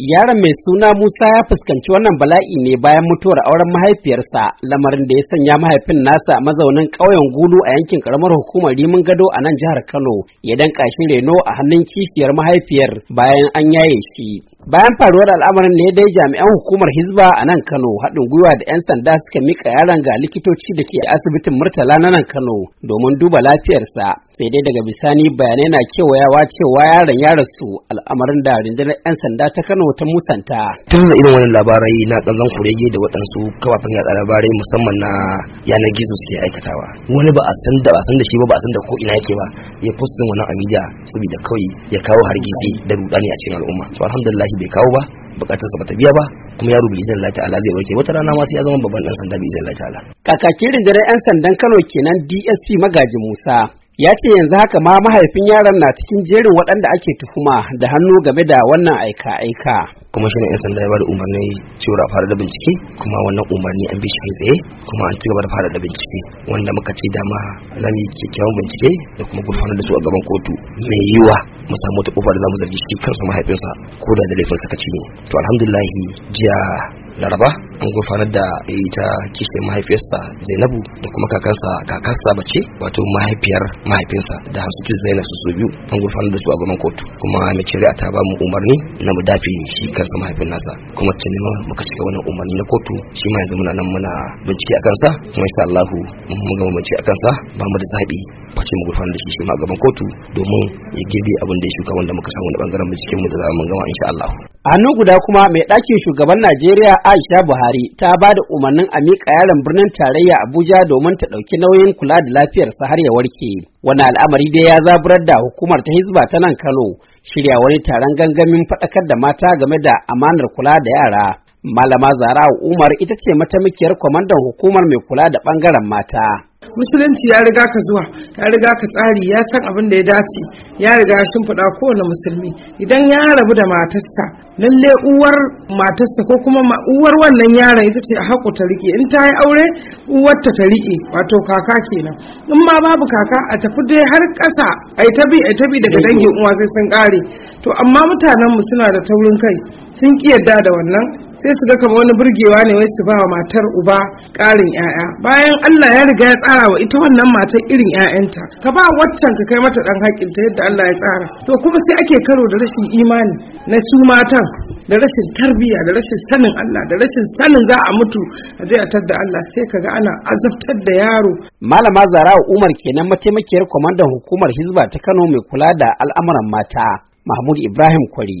Yaron mai suna Musa ya fuskanci wannan bala'i ne bayan mutuwar auren mahaifiyarsa lamarin da ya sanya mahaifin nasa mazaunin ƙauyen gulu a yankin karamar hukumar Rimin Gado a nan jihar Kano ya danka shi reno a hannun kishiyar mahaifiyar bayan an yaye shi. bayan faruwar al'amarin ne dai jami'an hukumar hizba a nan kano haɗin gwiwa da 'yan sanda suka mika yaron ga likitoci da ke asibitin murtala na nan kano domin duba lafiyarsa sai dai daga bisani bayanai na kewayawa cewa yaron ya rasu al'amarin da rundunar 'yan sanda ta kano ta musanta tun da irin wani labarai na kallon kurege da waɗansu kafafen yaɗa labarai musamman na yanar gizo su ke aikatawa wani ba a san da ba san da shi ba ba a san da ko ina yake ba ya fustin wani a saboda kawai ya kawo hargitsi da rudani a cikin al'umma to nasu bai kawo ba bukatar sa bata biya ba kuma yaro bi izinin Allah ta'ala zai warke wata rana ma sai ya zama babban dan sanda bi izinin Allah ta'ala kakakin rundunar yan sandan Kano kenan DSP Magaji Musa ya ce yanzu haka ma mahaifin yaron na cikin jerin waɗanda ake tuhuma da hannu game da wannan aika-aika kuma shi ne yan sanda ya bada umarni cewa a fara da bincike kuma wannan umarni an bi shi tsaye kuma an ci gaba da fara da bincike wanda muka ci dama nan yi kyakkyawan bincike da kuma gurfanar da su a gaban kotu mai yiwa mu samu ta kofar da mu zargi shi kansa mahaifinsa ko da da ka ci ne to alhamdulillah jiya laraba an gurfanar da ita kishe mahaifiyarsa zainabu da kuma kakansa kakansa mace wato mahaifiyar mahaifinsa da hamsutu zainab su biyu an gurfanar da su a gaban kotu kuma mai shari'a ta ba mu umarni na mu dafi shi kansa mahaifin nasa kuma ta nema muka cika wani umarni na kotu shi ma yanzu muna nan muna bincike a kansa kuma insha allahu mun gama bincike a kansa ba mu da zaɓi face mu gurfanar da shi shi ma a gaban kotu domin ya girbe abin da ya shuka wanda muka samu na bangaren binciken mu da za mu gama insha allahu. a guda kuma mai ɗakin shugaban Najeriya Aisha Buhari ta ba da umarnin a miƙa yaron birnin tarayya Abuja domin ta ɗauki nauyin kula da lafiyarsa har ya warke. Wani al'amari dai ya zaburar da hukumar ta Hizba ta nan Kano shirya wani taron gangamin faɗakar da mata game da amanar kula da yara. Malama Zara Umar ita ce mataimakiyar kwamandan hukumar mai kula da ɓangaren mata. musulunci ya riga ka zuwa ya riga ka tsari ya san abin da ya dace ya riga ya shimfiɗa kowane musulmi idan ya rabu da matarsa lalle uwar matarsa ko kuma uwar wannan yaron ita ce a haƙo ta riƙe in ta yi aure uwar ta ta riƙe wato kaka kenan in ma babu kaka a tafi dai har ƙasa a ta tabi ta daga dangin uwa sai sun ƙare to amma mutanenmu suna da taurin kai sun ki yadda da wannan sai su ga kamar wani burgewa ne wai su ba wa matar uba ƙarin 'ya'ya bayan Allah ya riga ya tsara wa ita wannan matar irin 'ya'yanta ka ba waccan ka kai mata dan ta yadda Allah ya tsara to kuma sai ake karo da rashin imani na su matan da rashin tarbiyya da rashin sanin Allah da rashin sanin za a mutu a je a tadda Allah sai kaga ana azabtar da yaro malama Zara Umar kenan mataimakiyar kwamandan hukumar Hizba ta Kano mai kula da al'amuran mata Mahmud Ibrahim Kwari